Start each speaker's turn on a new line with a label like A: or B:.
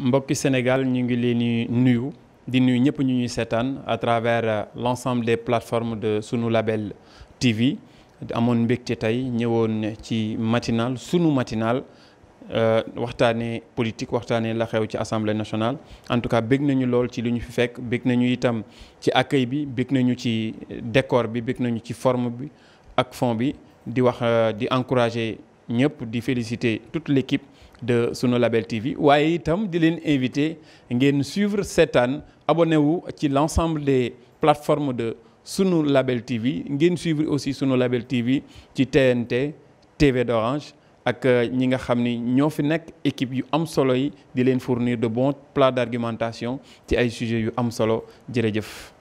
A: mbokki Sénégal ñu ngi leen di nuyu di nuyu ñëpp ñu ñuy seetaan à travers euh, l'ensemble des plateformes de sunu label TV amoon mbégte tey ñëwoon ci matinal sunu matinal euh, waxtaanee politique waxtaanee la xew ci assemblée nationale en tout cas bég nañu lool ci li ñu fi fekk bég nañu itam ci accueil bi bég nañu ci décor bi bég nañu ci forme bi ak fond bi di wax euh, di encourager. ñëpp di féliciter toute l'équipe de sunu Label TV waaye itam di leen invité ngeen suivre seetaan abonné wu ci l'ensemble des plateformes de sunu Label TV ngeen suivre aussi sunu Label TV ci TNT TV d'Orange ak euh, ñi nga xam ni ñoo fi nekk équipe yu am solo yi di leen fournir de bons plats d'argumentation ci ay sujets yu am solo jërëjëf.